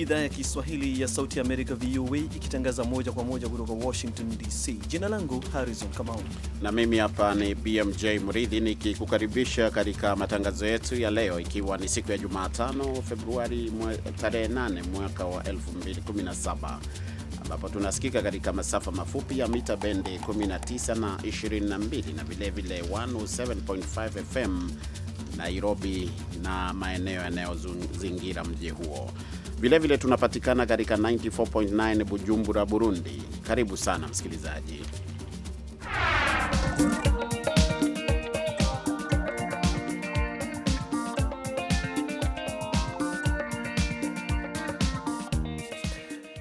ni idhaa ya Kiswahili ya Sauti ya Amerika, VOA, ikitangaza moja kwa moja kutoka Washington DC. Jina langu Harrison Kamau na mimi hapa ni BMJ Mridhi nikikukaribisha katika matangazo yetu ya leo, ikiwa ni siku ya Jumatano Februari tarehe 8 mwaka wa 2017 ambapo tunasikika katika masafa mafupi ya mita bendi 19 na 22 na vilevile 107.5 FM Nairobi na maeneo yanayozingira mji huo. Vilevile tunapatikana katika 94.9 Bujumbura, Burundi. Karibu sana msikilizaji.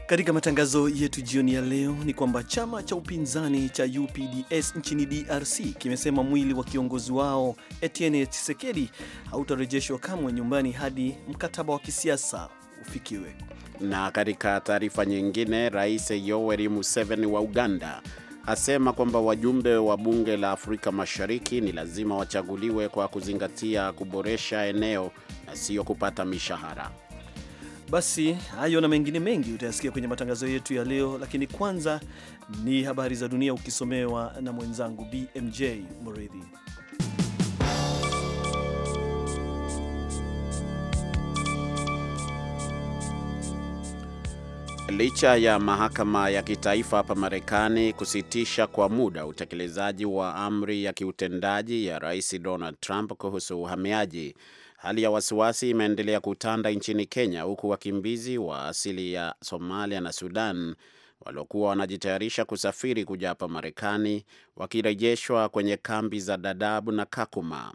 Katika matangazo yetu jioni ya leo ni kwamba chama cha upinzani cha UPDS nchini DRC kimesema mwili wa kiongozi wao Etienne Tshisekedi hautarejeshwa kamwe nyumbani hadi mkataba wa kisiasa ufikiwe. Na katika taarifa nyingine, Rais Yoweri Museveni wa Uganda asema kwamba wajumbe wa bunge la Afrika Mashariki ni lazima wachaguliwe kwa kuzingatia kuboresha eneo na sio kupata mishahara. Basi hayo na mengine mengi utayasikia kwenye matangazo yetu ya leo, lakini kwanza ni habari za dunia ukisomewa na mwenzangu BMJ mridhi Licha ya mahakama ya kitaifa hapa Marekani kusitisha kwa muda utekelezaji wa amri ya kiutendaji ya Rais Donald Trump kuhusu uhamiaji, hali ya wasiwasi imeendelea kutanda nchini Kenya, huku wakimbizi wa asili ya Somalia na Sudan waliokuwa wanajitayarisha kusafiri kuja hapa Marekani wakirejeshwa kwenye kambi za Dadaab na Kakuma.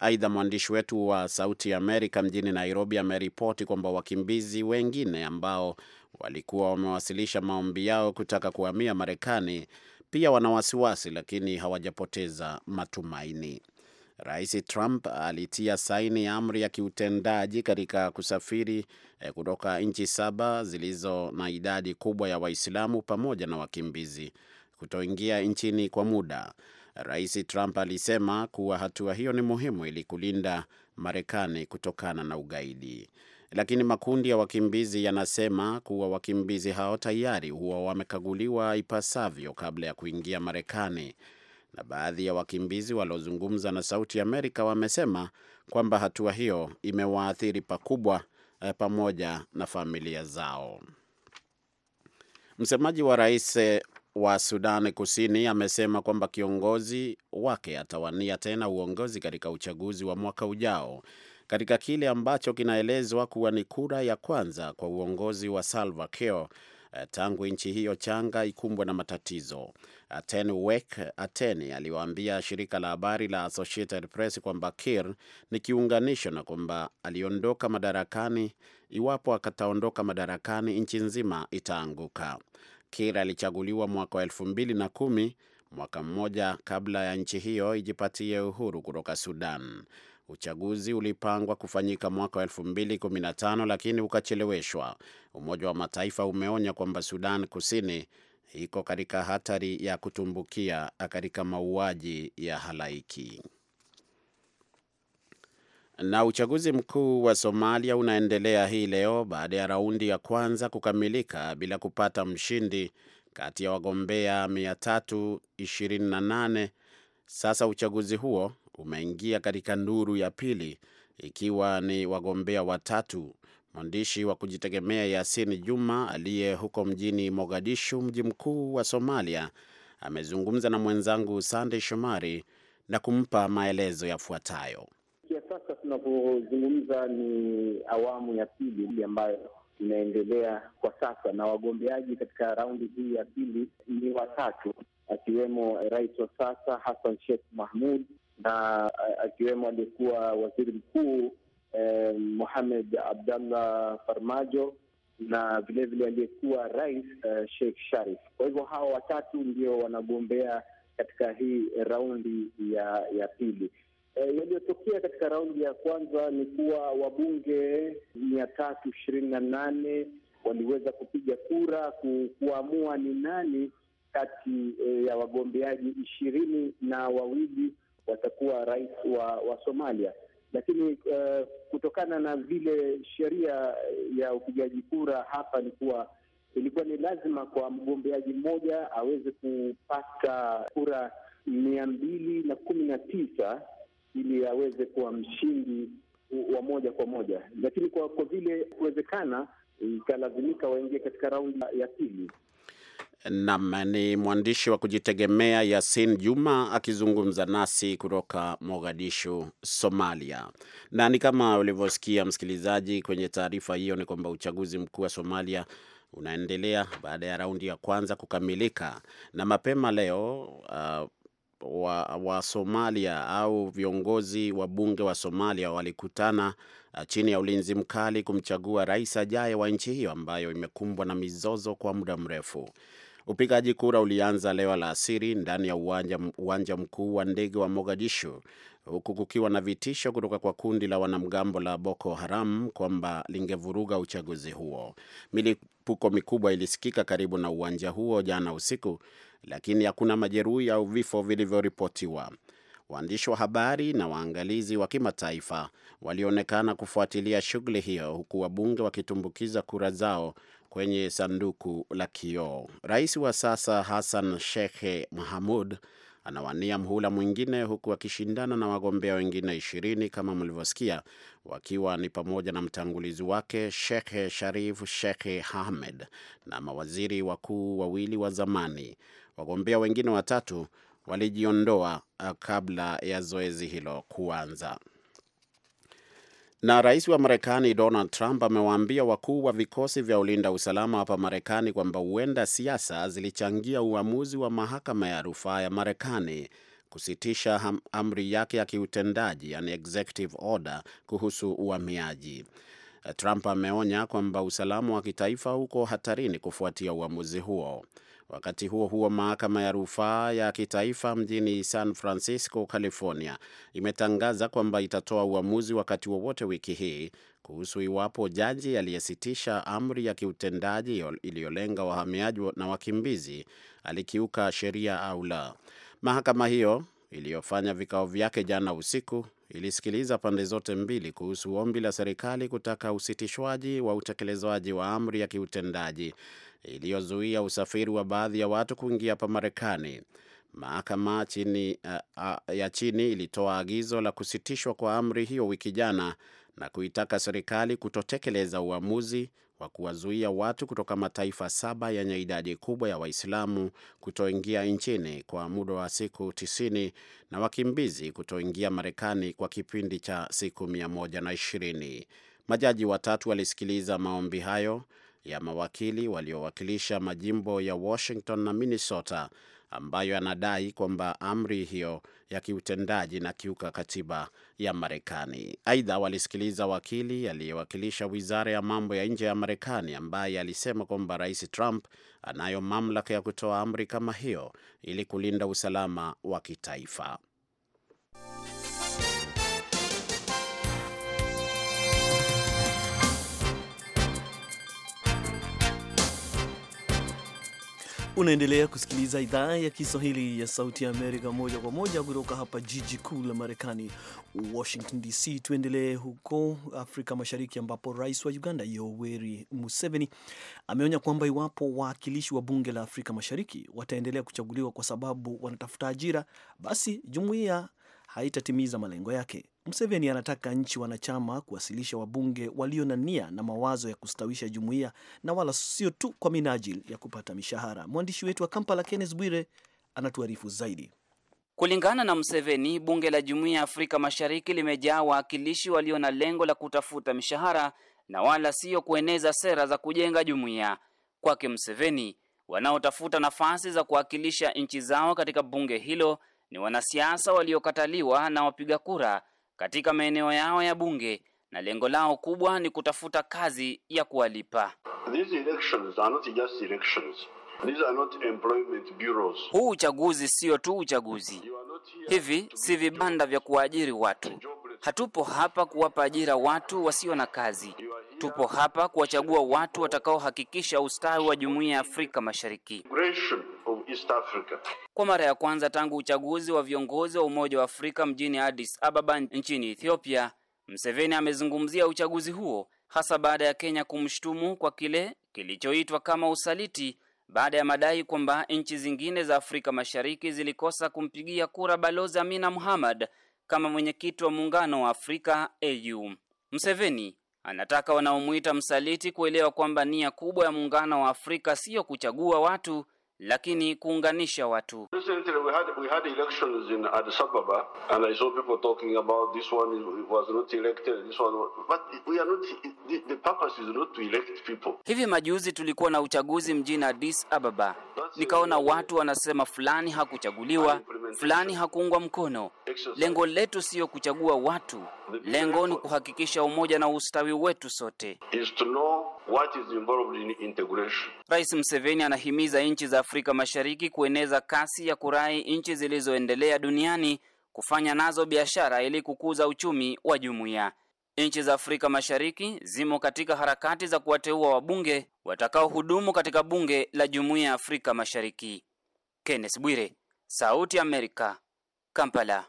Aidha, mwandishi wetu wa Sauti ya Amerika mjini Nairobi ameripoti kwamba wakimbizi wengine ambao walikuwa wamewasilisha maombi yao kutaka kuhamia Marekani pia wana wasiwasi, lakini hawajapoteza matumaini. Rais Trump alitia saini ya amri ya kiutendaji katika kusafiri eh, kutoka nchi saba zilizo na idadi kubwa ya Waislamu pamoja na wakimbizi kutoingia nchini kwa muda. Rais Trump alisema kuwa hatua hiyo ni muhimu ili kulinda Marekani kutokana na ugaidi lakini makundi ya wakimbizi yanasema kuwa wakimbizi hao tayari huwa wamekaguliwa ipasavyo kabla ya kuingia Marekani. Na baadhi ya wakimbizi waliozungumza na Sauti Amerika wamesema kwamba hatua hiyo imewaathiri pakubwa, eh, pamoja na familia zao. Msemaji wa rais eh, wa Sudan Kusini amesema kwamba kiongozi wake atawania tena uongozi katika uchaguzi wa mwaka ujao katika kile ambacho kinaelezwa kuwa ni kura ya kwanza kwa uongozi wa Salva Kiir eh, tangu nchi hiyo changa ikumbwe na matatizo. Aten Wek Ateni aliwaambia shirika la habari la Associated Press kwamba kir ni kiunganisho na kwamba aliondoka madarakani, iwapo akataondoka madarakani, nchi nzima itaanguka. kir alichaguliwa mwaka wa elfu mbili na kumi, mwaka mmoja kabla ya nchi hiyo ijipatie uhuru kutoka Sudan. Uchaguzi ulipangwa kufanyika mwaka wa 2015 lakini ukacheleweshwa. Umoja wa Mataifa umeonya kwamba Sudan Kusini iko katika hatari ya kutumbukia katika mauaji ya halaiki. Na uchaguzi mkuu wa Somalia unaendelea hii leo baada ya raundi ya kwanza kukamilika bila kupata mshindi kati ya wagombea 328. Sasa uchaguzi huo umeingia katika nduru ya pili ikiwa ni wagombea watatu. Mwandishi wa kujitegemea Yasin Juma aliye huko mjini Mogadishu, mji mkuu wa Somalia, amezungumza na mwenzangu Sandey Shomari na kumpa maelezo yafuatayo. Sasa tunapozungumza ni awamu ya pili ambayo inaendelea kwa sasa, na wagombeaji katika raundi hii ya pili ni watatu, akiwemo rais wa sasa Hassan Sheikh Mahmud na eh, akiwemo aliyekuwa waziri mkuu eh, Mohamed Abdallah Farmajo na vilevile aliyekuwa rais eh, Sheikh Sharif. Kwa hivyo hawa watatu ndio wanagombea katika hii raundi ya ya pili. E, yaliyotokea katika raundi ya kwanza ni kuwa wabunge mia tatu ishirini na nane waliweza kupiga kura ku, kuamua ni nani kati e, ya wagombeaji ishirini na wawili watakuwa rais wa, wa Somalia. Lakini uh, kutokana na vile sheria ya upigaji kura hapa ni kuwa ilikuwa ni lazima kwa mgombeaji mmoja aweze kupata kura mia mbili na kumi na tisa ili aweze kuwa mshindi wa moja kwa moja, lakini kwa, kwa vile kuwezekana ikalazimika waingie katika raundi ya pili. Nam ni mwandishi wa kujitegemea Yasin Juma akizungumza nasi kutoka Mogadishu, Somalia. Na ni kama ulivyosikia msikilizaji, kwenye taarifa hiyo ni kwamba uchaguzi mkuu wa Somalia unaendelea baada ya raundi ya kwanza kukamilika, na mapema leo uh, wa, wa Somalia au viongozi wa bunge wa Somalia walikutana uh, chini ya ulinzi mkali kumchagua rais ajaye wa nchi hiyo ambayo imekumbwa na mizozo kwa muda mrefu. Upigaji kura ulianza leo alasiri ndani ya uwanja, uwanja mkuu wa ndege wa Mogadishu huku kukiwa na vitisho kutoka kwa kundi la wanamgambo la Boko Haram kwamba lingevuruga uchaguzi huo. Milipuko mikubwa ilisikika karibu na uwanja huo jana usiku, lakini hakuna majeruhi au vifo vilivyoripotiwa. Waandishi wa habari na waangalizi wa kimataifa walionekana kufuatilia shughuli hiyo, huku wabunge wakitumbukiza kura zao kwenye sanduku la kioo. Rais wa sasa Hassan Sheikh Mahamud anawania mhula mwingine huku akishindana na wagombea wengine ishirini kama mlivyosikia, wakiwa ni pamoja na mtangulizi wake Shekhe Sharif Shekhe Ahmed na mawaziri wakuu wawili wa zamani. Wagombea wengine watatu walijiondoa uh, kabla ya zoezi hilo kuanza. Na rais wa Marekani Donald Trump amewaambia wakuu wa vikosi vya ulinda usalama hapa Marekani kwamba huenda siasa zilichangia uamuzi wa mahakama ya rufaa ya Marekani kusitisha amri yake ya kiutendaji yani executive order kuhusu uhamiaji. Trump ameonya kwamba usalama wa kitaifa uko hatarini kufuatia uamuzi huo. Wakati huo huo, mahakama ya rufaa ya kitaifa mjini San Francisco, California, imetangaza kwamba itatoa uamuzi wakati wowote wiki hii kuhusu iwapo jaji aliyesitisha amri ya kiutendaji iliyolenga wahamiaji na wakimbizi alikiuka sheria au la. Mahakama hiyo iliyofanya vikao vyake jana usiku ilisikiliza pande zote mbili kuhusu ombi la serikali kutaka usitishwaji wa utekelezwaji wa amri ya kiutendaji iliyozuia usafiri wa baadhi ya watu kuingia hapa Marekani. Mahakama chini, uh, uh, ya chini ilitoa agizo la kusitishwa kwa amri hiyo wiki jana na kuitaka serikali kutotekeleza uamuzi wa kuwazuia watu kutoka mataifa saba yenye idadi kubwa ya Waislamu kutoingia nchini kwa muda wa siku tisini na wakimbizi kutoingia Marekani kwa kipindi cha siku mia moja na ishirini. Majaji watatu walisikiliza maombi hayo ya mawakili waliowakilisha majimbo ya Washington na Minnesota ambayo anadai kwamba amri hiyo ya kiutendaji na kiuka katiba ya Marekani. Aidha, walisikiliza wakili aliyewakilisha wizara ya mambo ya nje ya Marekani ambaye alisema kwamba Rais Trump anayo mamlaka ya kutoa amri kama hiyo ili kulinda usalama wa kitaifa. Unaendelea kusikiliza idhaa ya Kiswahili ya Sauti ya Amerika moja kwa moja kutoka hapa jiji kuu la Marekani, Washington DC. Tuendelee huko Afrika Mashariki, ambapo rais wa Uganda Yoweri Museveni ameonya kwamba iwapo wawakilishi wa bunge la Afrika Mashariki wataendelea kuchaguliwa kwa sababu wanatafuta ajira, basi jumuiya haitatimiza malengo yake. Museveni anataka nchi wanachama kuwasilisha wabunge walio na nia na mawazo ya kustawisha jumuiya na wala sio tu kwa minajili ya kupata mishahara. Mwandishi wetu wa Kampala, Kenneth Bwire, anatuarifu zaidi. Kulingana na Museveni, bunge la Jumuiya ya Afrika Mashariki limejaa wawakilishi walio na lengo la kutafuta mishahara na wala sio kueneza sera za kujenga jumuiya. Kwake Museveni, wanaotafuta nafasi za kuwakilisha nchi zao katika bunge hilo ni wanasiasa waliokataliwa na wapiga kura katika maeneo yao ya bunge na lengo lao kubwa ni kutafuta kazi ya kuwalipa. These elections are not just elections. These are not employment bureaus. Huu uchaguzi sio tu uchaguzi. Hivi si vibanda vya kuwaajiri watu. Hatupo hapa kuwapa ajira watu wasio na kazi. Tupo hapa kuwachagua watu watakaohakikisha ustawi wa Jumuiya ya Afrika Mashariki. East Africa. Kwa mara ya kwanza tangu uchaguzi wa viongozi wa Umoja wa Afrika mjini Addis Ababa nchini Ethiopia, Mseveni amezungumzia uchaguzi huo hasa baada ya Kenya kumshutumu kwa kile kilichoitwa kama usaliti baada ya madai kwamba nchi zingine za Afrika Mashariki zilikosa kumpigia kura Balozi Amina Mohamed kama mwenyekiti wa Muungano wa Afrika AU. Mseveni anataka wanaomuita msaliti kuelewa kwamba nia kubwa ya Muungano wa Afrika siyo kuchagua watu lakini kuunganisha watu. Hivi majuzi tulikuwa na uchaguzi mjini Addis Ababa, nikaona watu wanasema fulani hakuchaguliwa, fulani hakuungwa mkono. Lengo letu siyo kuchagua watu Lengo ni kuhakikisha umoja na ustawi wetu sote. in Rais Museveni anahimiza nchi za Afrika Mashariki kueneza kasi ya kurai nchi zilizoendelea duniani kufanya nazo biashara ili kukuza uchumi wa jumuiya. Nchi za Afrika Mashariki zimo katika harakati za kuwateua wabunge watakaohudumu katika bunge la Jumuiya ya Afrika Mashariki. Kenneth Bwire, Sauti ya Amerika, Kampala.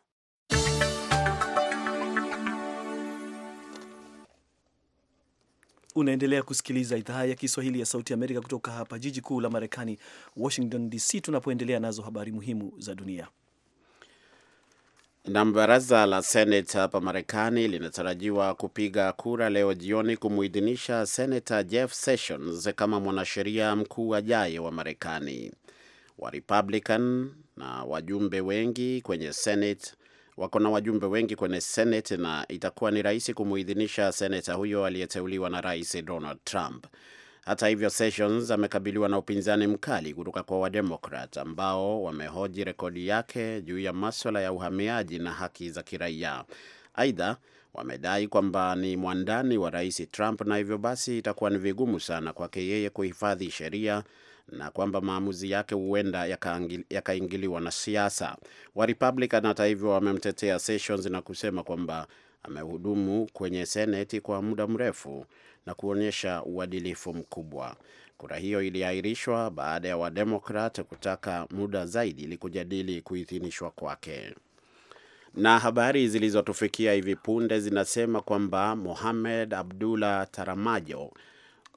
Unaendelea kusikiliza idhaa ya Kiswahili ya Sauti Amerika kutoka hapa jiji kuu la Marekani, Washington DC, tunapoendelea nazo habari muhimu za dunia. nam baraza la Senate hapa Marekani linatarajiwa kupiga kura leo jioni kumuidhinisha Senator Jeff Sessions kama mwanasheria mkuu ajaye wa Marekani. Warepublican na wajumbe wengi kwenye Senate wako na wajumbe wengi kwenye Senate na itakuwa ni rahisi kumuidhinisha seneta huyo aliyeteuliwa na Rais Donald Trump. Hata hivyo, Sessions amekabiliwa na upinzani mkali kutoka kwa Wademokrat ambao wamehoji rekodi yake juu ya maswala ya uhamiaji na haki za kiraia. Aidha, wamedai kwamba ni mwandani wa Rais Trump na hivyo basi itakuwa ni vigumu sana kwake yeye kuhifadhi sheria na kwamba maamuzi yake huenda yakaingiliwa yaka na siasa. Warepublican hata hivyo wamemtetea Sessions na kusema kwamba amehudumu kwenye seneti kwa muda mrefu na kuonyesha uadilifu mkubwa. Kura hiyo iliahirishwa baada ya Wademokrat kutaka muda zaidi ili kujadili kuidhinishwa kwake. Na habari zilizotufikia hivi punde zinasema kwamba Mohamed Abdullah Taramajo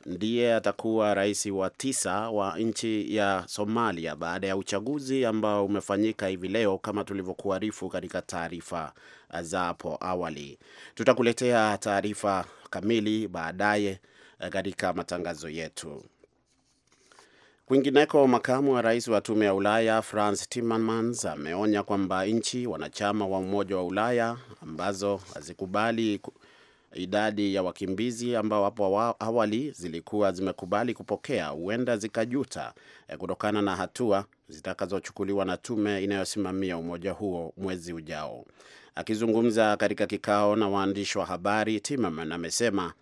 ndiye atakuwa rais wa tisa wa nchi ya Somalia baada ya uchaguzi ambao umefanyika hivi leo kama tulivyokuarifu katika taarifa za hapo awali. Tutakuletea taarifa kamili baadaye eh, katika matangazo yetu. Kwingineko, makamu wa rais wa tume ya Ulaya Frans Timmermans ameonya kwamba nchi wanachama wa Umoja wa Ulaya ambazo hazikubali idadi ya wakimbizi ambao hapo awali zilikuwa zimekubali kupokea huenda zikajuta eh, kutokana na hatua zitakazochukuliwa na tume inayosimamia umoja huo mwezi ujao. Akizungumza katika kikao na waandishi wa habari, timm amesema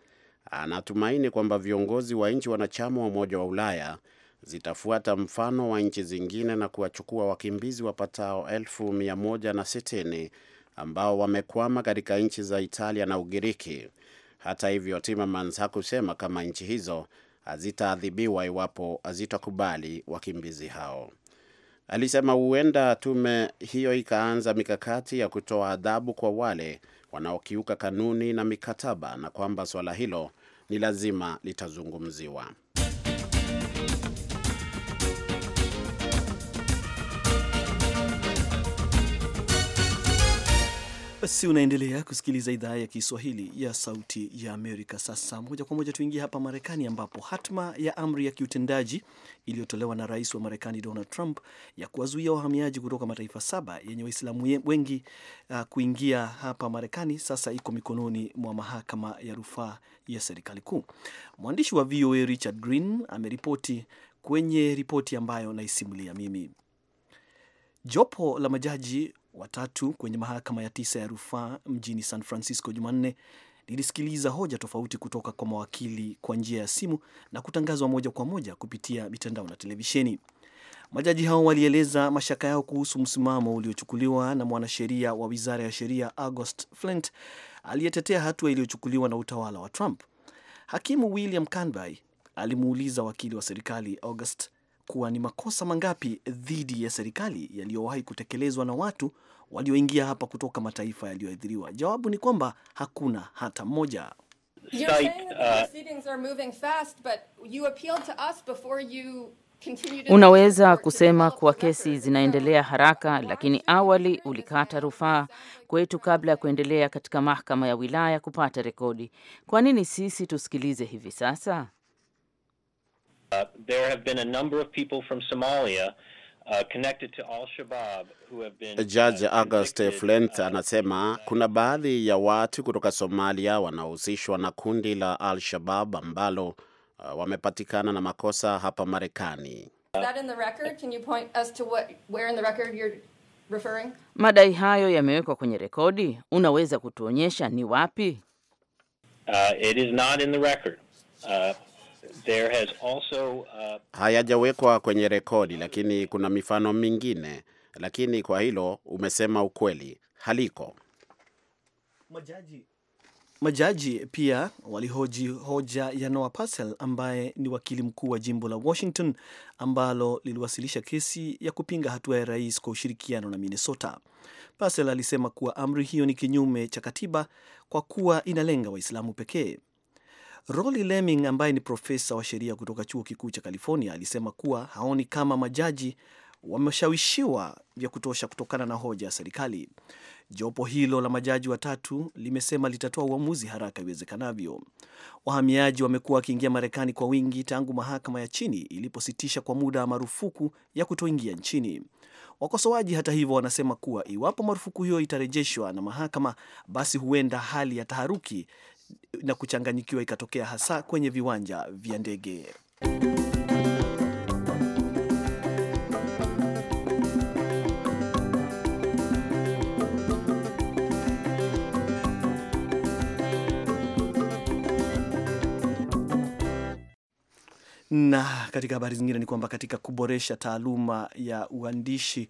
anatumaini kwamba viongozi wa nchi wanachama wa Umoja wa Ulaya zitafuata mfano wa nchi zingine na kuwachukua wakimbizi wapatao elfu mia moja na sitini ambao wamekwama katika nchi za Italia na Ugiriki. Hata hivyo, Timmermans hakusema kama nchi hizo hazitaadhibiwa iwapo hazitakubali wakimbizi hao. Alisema huenda tume hiyo ikaanza mikakati ya kutoa adhabu kwa wale wanaokiuka kanuni na mikataba na kwamba suala hilo ni lazima litazungumziwa. Basi unaendelea kusikiliza idhaa ya Kiswahili ya Sauti ya Amerika. Sasa moja kwa moja tuingie hapa Marekani, ambapo hatma ya amri ya kiutendaji iliyotolewa na rais wa Marekani Donald Trump ya kuwazuia wahamiaji kutoka mataifa saba yenye Waislamu wengi uh, kuingia hapa Marekani sasa iko mikononi mwa mahakama ya rufaa ya serikali kuu. Mwandishi wa VOA Richard Green ameripoti kwenye ripoti ambayo naisimulia mimi. Jopo la majaji watatu kwenye mahakama ya tisa ya rufaa mjini San Francisco Jumanne lilisikiliza hoja tofauti kutoka kwa mawakili kwa njia ya simu na kutangazwa moja kwa moja kupitia mitandao na televisheni. Majaji hao walieleza mashaka yao kuhusu msimamo uliochukuliwa na mwanasheria wa wizara ya sheria August Flint aliyetetea hatua iliyochukuliwa na utawala wa Trump. Hakimu William Canby alimuuliza wakili wa serikali August kuwa ni makosa mangapi dhidi ya serikali yaliyowahi kutekelezwa na watu walioingia hapa kutoka mataifa yaliyoathiriwa? Jawabu ni kwamba hakuna hata moja. Uh, Unaweza kusema kuwa kesi zinaendelea haraka, lakini awali ulikata rufaa kwetu kabla ya kuendelea katika mahakama ya wilaya kupata rekodi. Kwa nini sisi tusikilize hivi sasa? Uh, there have been a number of people from Somalia Uh, connected to Al Shabaab who have been, uh, Judge uh, Auguste Flint anasema kuna baadhi ya watu kutoka Somalia wanaohusishwa na kundi la Al Shabaab ambalo uh, wamepatikana na makosa hapa Marekani. Madai hayo yamewekwa kwenye rekodi, unaweza kutuonyesha ni wapi? Uh, it is not in the record. Uh, There has also, uh... hayajawekwa kwenye rekodi, lakini kuna mifano mingine, lakini kwa hilo umesema ukweli, haliko majaji majaji pia walihoji hoja ya Noah Purcell ambaye ni wakili mkuu wa jimbo la Washington ambalo liliwasilisha kesi ya kupinga hatua ya rais kwa ushirikiano na Minnesota. Purcell alisema kuwa amri hiyo ni kinyume cha katiba kwa kuwa inalenga Waislamu pekee. Rolly Leming ambaye ni profesa wa sheria kutoka chuo kikuu cha California alisema kuwa haoni kama majaji wameshawishiwa vya kutosha kutokana na hoja ya serikali. Jopo hilo la majaji watatu limesema litatoa uamuzi haraka iwezekanavyo. Wahamiaji wamekuwa wakiingia Marekani kwa wingi tangu mahakama ya chini ilipositisha kwa muda wa marufuku ya kutoingia nchini. Wakosoaji hata hivyo, wanasema kuwa iwapo marufuku hiyo itarejeshwa na mahakama, basi huenda hali ya taharuki na kuchanganyikiwa ikatokea hasa kwenye viwanja vya ndege. Na katika habari zingine ni kwamba katika kuboresha taaluma ya uandishi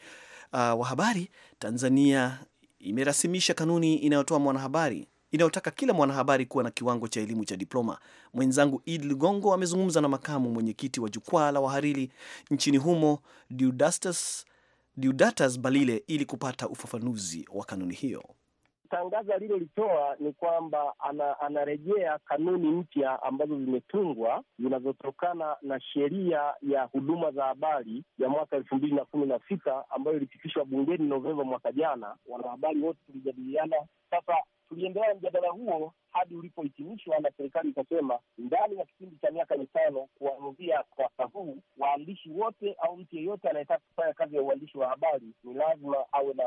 uh, wa habari Tanzania imerasimisha kanuni inayotoa mwanahabari inayotaka kila mwanahabari kuwa na kiwango cha elimu cha diploma. Mwenzangu Id Ligongo amezungumza na makamu mwenyekiti wa jukwaa la wahariri nchini humo Deodatus, Balile ili kupata ufafanuzi wa kanuni hiyo. Tangazo alilolitoa ni kwamba ana, anarejea kanuni mpya ambazo zimetungwa zinazotokana na sheria ya huduma za habari ya mwaka elfu mbili na kumi na sita ambayo ilipitishwa bungeni Novemba mwaka jana. Wanahabari wote tulijadiliana sasa tuliendelea mjadala huo hadi ulipohitimishwa na serikali ikasema ndani ya kipindi cha miaka mitano kuanzia mwaka huu, waandishi wote au mtu yeyote anayetaka kufanya kazi ya uandishi wa habari ni lazima awe na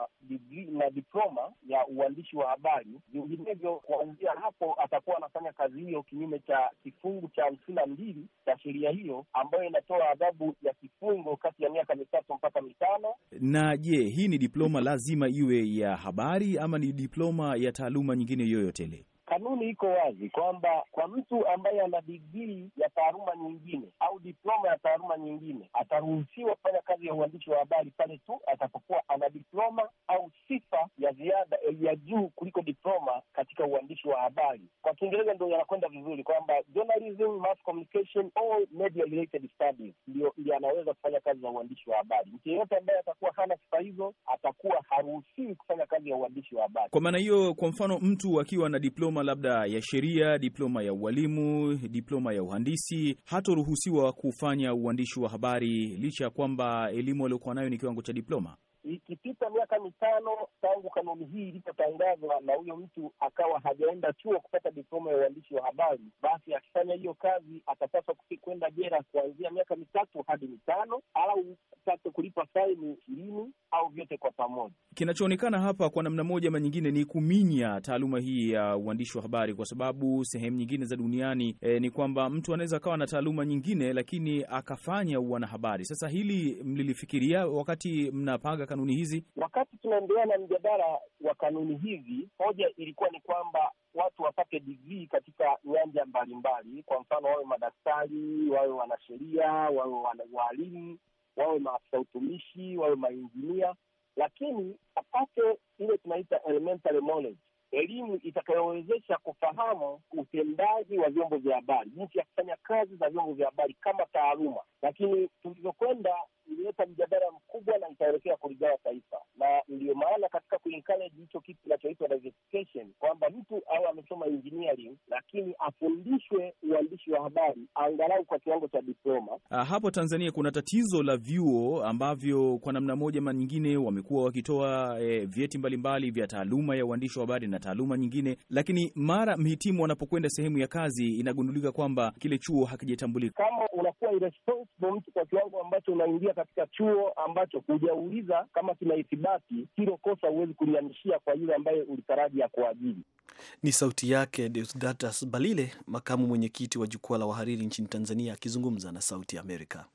na diploma ya uandishi wa habari. Vinginevyo, kuanzia hapo atakuwa anafanya kazi hiyo kinyume cha kifungu cha hamsini na mbili cha sheria hiyo ambayo inatoa adhabu ya kifungo kati ya miaka mitatu mpaka mitano. Na je, hii ni diploma lazima iwe ya habari ama ni diploma ya taaluma nyingine yoyote ile. Kanuni iko wazi kwamba kwa mtu ambaye ana digrii ya taaluma nyingine au diploma ya taaluma nyingine ataruhusiwa kufanya kazi ya uandishi wa habari pale tu atapokuwa ana diploma au sifa ya ziada eh, ya juu kuliko diploma katika uandishi wa habari. Kwa Kiingereza ndo yanakwenda vizuri kwamba journalism, mass communication, media related studies ndio anaweza kufanya kazi za uandishi wa habari. Mtu yeyote ambaye atakuwa hana sifa hizo atakuwa haruhusiwi kufanya kazi ya uandishi wa habari. Kwa maana hiyo, kwa mfano mtu akiwa na diploma diploma labda ya sheria, diploma ya ualimu, diploma ya uhandisi, hatoruhusiwa kufanya uandishi wa habari licha ya kwamba elimu aliyokuwa nayo ni kiwango cha diploma. Ikipita miaka mitano tangu kanuni hii ilipotangazwa na huyo mtu akawa hajaenda chuo kupata diploma ya uandishi wa habari, basi akifanya hiyo kazi atapaswa kwenda jela kuanzia miaka mitatu hadi mitano au upate kulipa faini ishirini au vyote kwa pamoja. Kinachoonekana hapa kwa namna moja ama nyingine ni kuminya taaluma hii ya uandishi wa habari, kwa sababu sehemu nyingine za duniani e, ni kwamba mtu anaweza akawa na taaluma nyingine lakini akafanya uwanahabari. Sasa hili mlilifikiria wakati mnapanga kanuni hizi? Wakati tunaendelea na mjadala wa kanuni hizi, hoja ilikuwa ni kwamba watu wapate digrii katika nyanja mbalimbali, kwa mfano wawe madaktari, wawe wanasheria, wawe wanawaalimu wawe maafisa utumishi, wawe mainjinia, lakini apate ile tunaita elementary knowledge, elimu itakayowezesha kufahamu utendaji wa vyombo vya habari, jinsi ya kufanya kazi za vyombo vya habari kama taaluma. Lakini tulivyokwenda ilileta mjadala mkubwa na itaelekea kuligawa taifa, na ndiyo maana katika kuencourage hicho kitu kinachoitwa diversification kwamba mtu awe amesoma engineering lakini afundishwe uandishi wa habari angalau kwa kiwango cha diploma. Ah, hapo Tanzania kuna tatizo la vyuo ambavyo kwa namna moja ma nyingine wamekuwa wakitoa eh, vyeti mbalimbali vya taaluma ya uandishi wa habari na taaluma nyingine, lakini mara mhitimu anapokwenda sehemu ya kazi inagundulika kwamba kile chuo hakijatambulika. Kama unakuwa irresponsible mtu kwa kiwango ambacho unaingia katika chuo ambacho hujauliza kama kina ithibati, hilo kosa huwezi kulianishia kwa yule ambaye ulitaraji ya kuajiri. Ni sauti yake Deodatus Balile, makamu mwenyekiti wa jukwaa la wahariri nchini Tanzania, akizungumza na Sauti ya Amerika.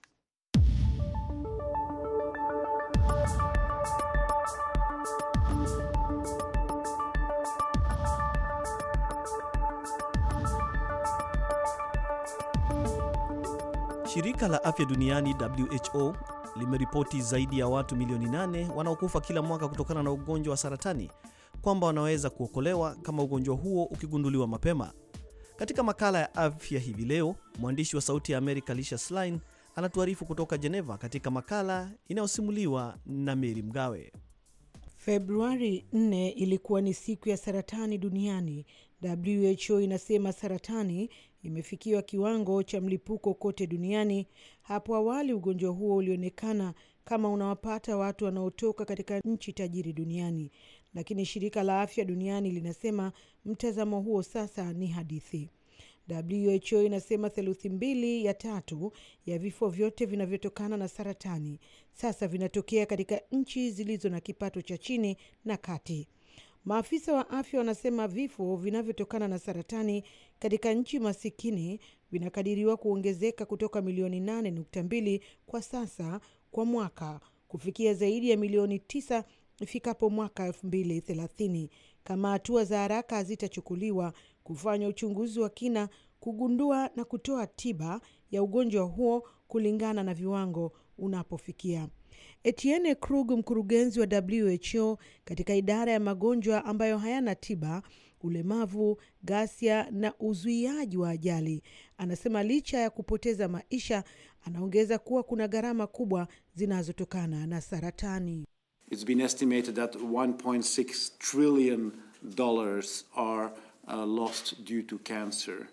Shirika la afya duniani WHO limeripoti zaidi ya watu milioni nane wanaokufa kila mwaka kutokana na ugonjwa wa saratani kwamba wanaweza kuokolewa kama ugonjwa huo ukigunduliwa mapema. Katika makala ya afya hivi leo, mwandishi wa Sauti ya Amerika Lisha Schlein anatuarifu kutoka Geneva katika makala inayosimuliwa na Meri Mgawe. Februari 4 ilikuwa ni siku ya saratani duniani WHO inasema saratani imefikiwa kiwango cha mlipuko kote duniani. Hapo awali ugonjwa huo ulionekana kama unawapata watu wanaotoka katika nchi tajiri duniani, lakini shirika la afya duniani linasema mtazamo huo sasa ni hadithi. WHO inasema theluthi mbili ya tatu ya vifo vyote vinavyotokana na saratani sasa vinatokea katika nchi zilizo na kipato cha chini na kati. Maafisa wa afya wanasema vifo vinavyotokana na saratani katika nchi masikini vinakadiriwa kuongezeka kutoka milioni 8.2 kwa sasa kwa mwaka kufikia zaidi ya milioni 9 ifikapo mwaka 2030 kama hatua za haraka hazitachukuliwa kufanya uchunguzi wa kina, kugundua na kutoa tiba ya ugonjwa huo kulingana na viwango unapofikia. Etienne Krug, mkurugenzi wa WHO katika idara ya magonjwa ambayo hayana tiba, ulemavu, ghasia na uzuiaji wa ajali, anasema licha ya kupoteza maisha, anaongeza kuwa kuna gharama kubwa zinazotokana na saratani. It's been estimated that 1.6 trillion dollars are uh, lost due to cancer.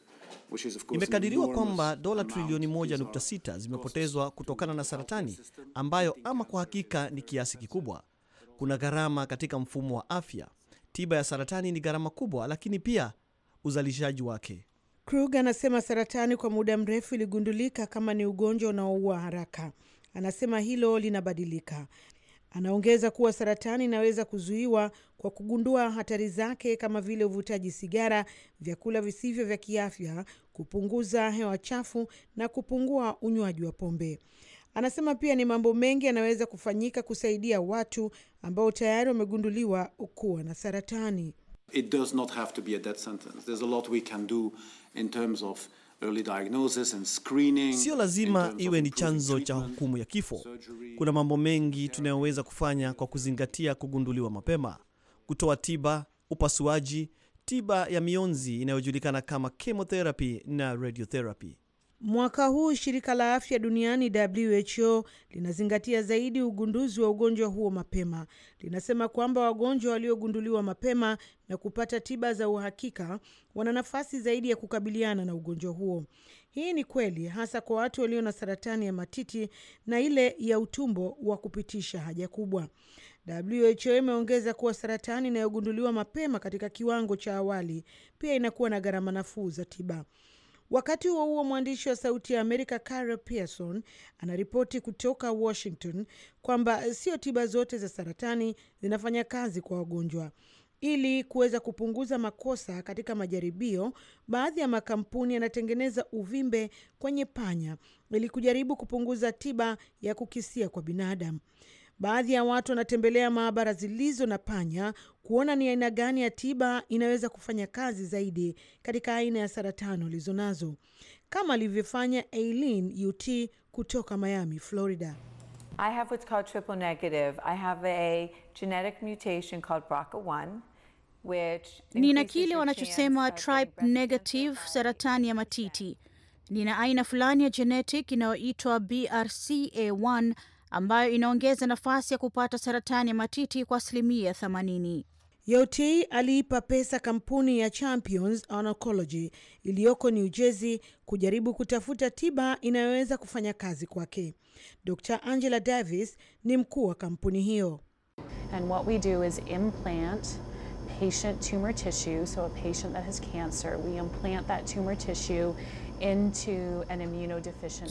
Imekadiriwa kwamba dola trilioni 1.6 zimepotezwa kutokana na saratani ambayo ama kwa hakika ni kiasi kikubwa. Kuna gharama katika mfumo wa afya. Tiba ya saratani ni gharama kubwa, lakini pia uzalishaji wake. Krug anasema saratani kwa muda mrefu iligundulika kama ni ugonjwa unaoua haraka. Anasema hilo linabadilika. Anaongeza kuwa saratani inaweza kuzuiwa kwa kugundua hatari zake kama vile uvutaji sigara, vyakula visivyo vya kiafya, kupunguza hewa chafu na kupungua unywaji wa pombe. Anasema pia ni mambo mengi yanaweza kufanyika kusaidia watu ambao tayari wamegunduliwa kuwa na saratani. It does not have to be a death sentence. There's a lot we can do in terms of Early diagnosis and screening. Sio lazima iwe ni chanzo cha hukumu ya kifo. Kuna mambo mengi tunayoweza kufanya kwa kuzingatia kugunduliwa mapema, kutoa tiba, upasuaji, tiba ya mionzi inayojulikana kama chemotherapy na radiotherapy. Mwaka huu shirika la afya duniani WHO linazingatia zaidi ugunduzi wa ugonjwa huo mapema. Linasema kwamba wagonjwa waliogunduliwa mapema na kupata tiba za uhakika wana nafasi zaidi ya kukabiliana na ugonjwa huo. Hii ni kweli hasa kwa watu walio na saratani ya matiti na ile ya utumbo wa kupitisha haja kubwa. WHO imeongeza kuwa saratani inayogunduliwa mapema katika kiwango cha awali pia inakuwa na gharama nafuu za tiba. Wakati huo huo, mwandishi wa Sauti ya Amerika Carol Pearson anaripoti kutoka Washington kwamba sio tiba zote za saratani zinafanya kazi kwa wagonjwa. Ili kuweza kupunguza makosa katika majaribio, baadhi ya makampuni yanatengeneza uvimbe kwenye panya ili kujaribu kupunguza tiba ya kukisia kwa binadamu. Baadhi ya watu wanatembelea maabara zilizo na panya kuona ni aina gani ya tiba inaweza kufanya kazi zaidi katika aina ya saratani walizo nazo, kama alivyofanya Eileen Ut kutoka Miami, Florida. I have what's called triple negative. I have a genetic mutation called BRCA1. Nina kile wanachosema trip negative saratani ya matiti. Nina aina fulani ya genetic inayoitwa BRCA1 ambayo inaongeza nafasi ya kupata saratani ya matiti kwa asilimia 80. Yotei aliipa pesa kampuni ya Champions Oncology iliyoko New Jersey kujaribu kutafuta tiba inayoweza kufanya kazi kwake. Dr. Angela Davis ni mkuu wa kampuni hiyo. And what we do is implant patient tumor tissue, so a patient that has cancer, we implant that tumor tissue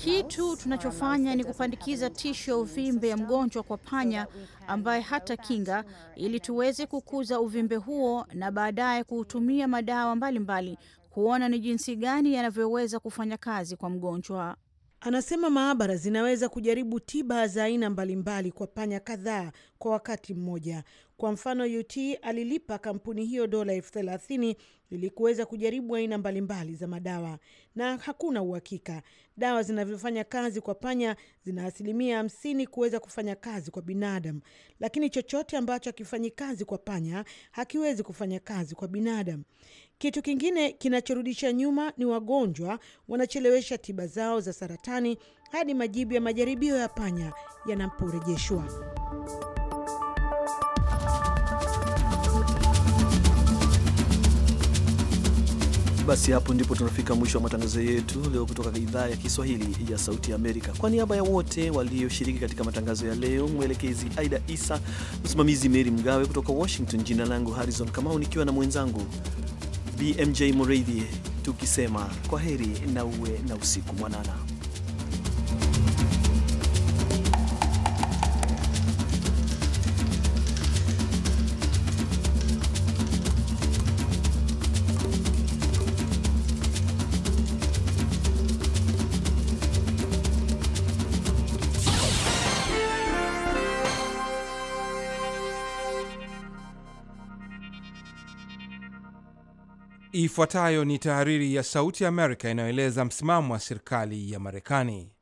kitu tunachofanya ni kupandikiza tishu ya uvimbe ya mgonjwa kwa panya ambaye hata kinga, ili tuweze kukuza uvimbe huo na baadaye kuutumia madawa mbalimbali kuona ni jinsi gani yanavyoweza kufanya kazi kwa mgonjwa. Anasema maabara zinaweza kujaribu tiba za aina mbalimbali kwa panya kadhaa kwa wakati mmoja kwa mfano, UT alilipa kampuni hiyo dola elfu thelathini ili kuweza kujaribu aina mbalimbali za madawa, na hakuna uhakika dawa zinavyofanya kazi kwa panya zina asilimia hamsini kuweza kufanya kazi kwa binadamu, lakini chochote ambacho hakifanyi kazi kwa panya hakiwezi kufanya kazi kwa binadamu. Kitu kingine kinachorudisha nyuma ni wagonjwa wanachelewesha tiba zao za saratani hadi majibu ya majaribio ya panya yanaporejeshwa. Basi hapo ndipo tunafika mwisho wa matangazo yetu leo kutoka idhaa ya Kiswahili ya Sauti ya Amerika. Kwa niaba ya wote walioshiriki katika matangazo ya leo, mwelekezi Aida Isa, msimamizi Meri Mgawe kutoka Washington, jina langu Harrison Kamau nikiwa na mwenzangu BMJ Mureithi, tukisema kwa heri na uwe na usiku mwanana. Ifuatayo ni tahariri ya Sauti ya Amerika inayoeleza msimamo wa serikali ya Marekani.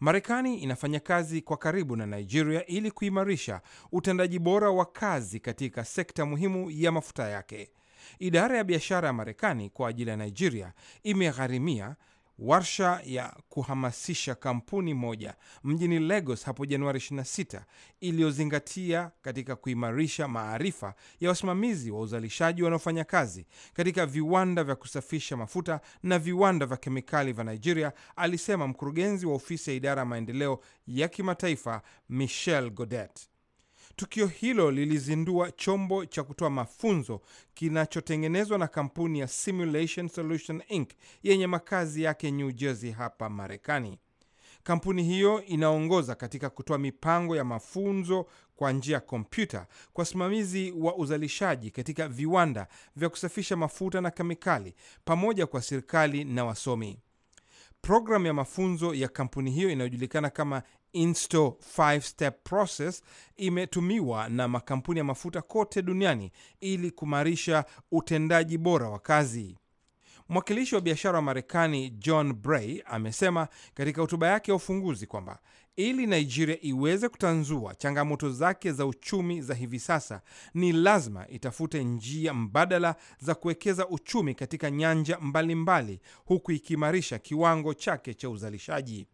Marekani inafanya kazi kwa karibu na Nigeria ili kuimarisha utendaji bora wa kazi katika sekta muhimu ya mafuta yake. Idara ya biashara ya Marekani kwa ajili ya Nigeria imegharimia Warsha ya kuhamasisha kampuni moja mjini Lagos hapo Januari 26 iliyozingatia katika kuimarisha maarifa ya wasimamizi wa uzalishaji wanaofanya kazi katika viwanda vya kusafisha mafuta na viwanda vya kemikali vya Nigeria, alisema mkurugenzi wa ofisi ya idara ya maendeleo ya kimataifa Michel Godet. Tukio hilo lilizindua chombo cha kutoa mafunzo kinachotengenezwa na kampuni ya Simulation Solution Inc yenye makazi yake New Jersey hapa Marekani. Kampuni hiyo inaongoza katika kutoa mipango ya mafunzo kwa njia ya kompyuta kwa usimamizi wa uzalishaji katika viwanda vya kusafisha mafuta na kemikali pamoja kwa serikali na wasomi. Programu ya mafunzo ya kampuni hiyo inayojulikana kama Insto 5 step process imetumiwa na makampuni ya mafuta kote duniani ili kumarisha utendaji bora wa kazi. Mwakilishi wa biashara wa Marekani John Bray amesema katika hotuba yake ya ufunguzi kwamba ili Nigeria iweze kutanzua changamoto zake za uchumi za hivi sasa, ni lazima itafute njia mbadala za kuwekeza uchumi katika nyanja mbalimbali, huku ikiimarisha kiwango chake cha uzalishaji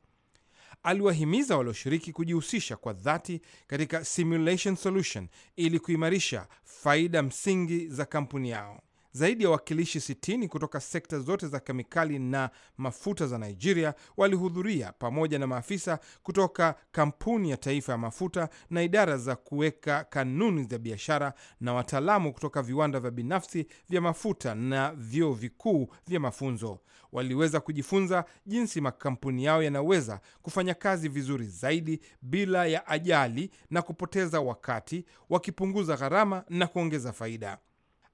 aliwahimiza walioshiriki kujihusisha kwa dhati katika simulation solution ili kuimarisha faida msingi za kampuni yao. Zaidi ya wakilishi 60 kutoka sekta zote za kemikali na mafuta za Nigeria walihudhuria pamoja na maafisa kutoka kampuni ya taifa ya mafuta na idara za kuweka kanuni za biashara na wataalamu kutoka viwanda vya binafsi vya mafuta na vyuo vikuu vya mafunzo. Waliweza kujifunza jinsi makampuni yao yanaweza kufanya kazi vizuri zaidi bila ya ajali na kupoteza wakati, wakipunguza gharama na kuongeza faida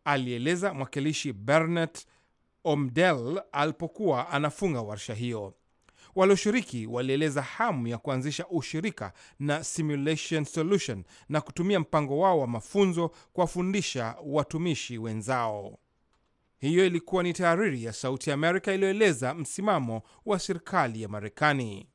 alieleza mwakilishi Bernard Omdel alipokuwa anafunga warsha hiyo. Walioshiriki walieleza hamu ya kuanzisha ushirika na Simulation Solution na kutumia mpango wao wa mafunzo kuwafundisha watumishi wenzao. Hiyo ilikuwa ni tahariri ya Sauti ya Amerika iliyoeleza msimamo wa serikali ya Marekani.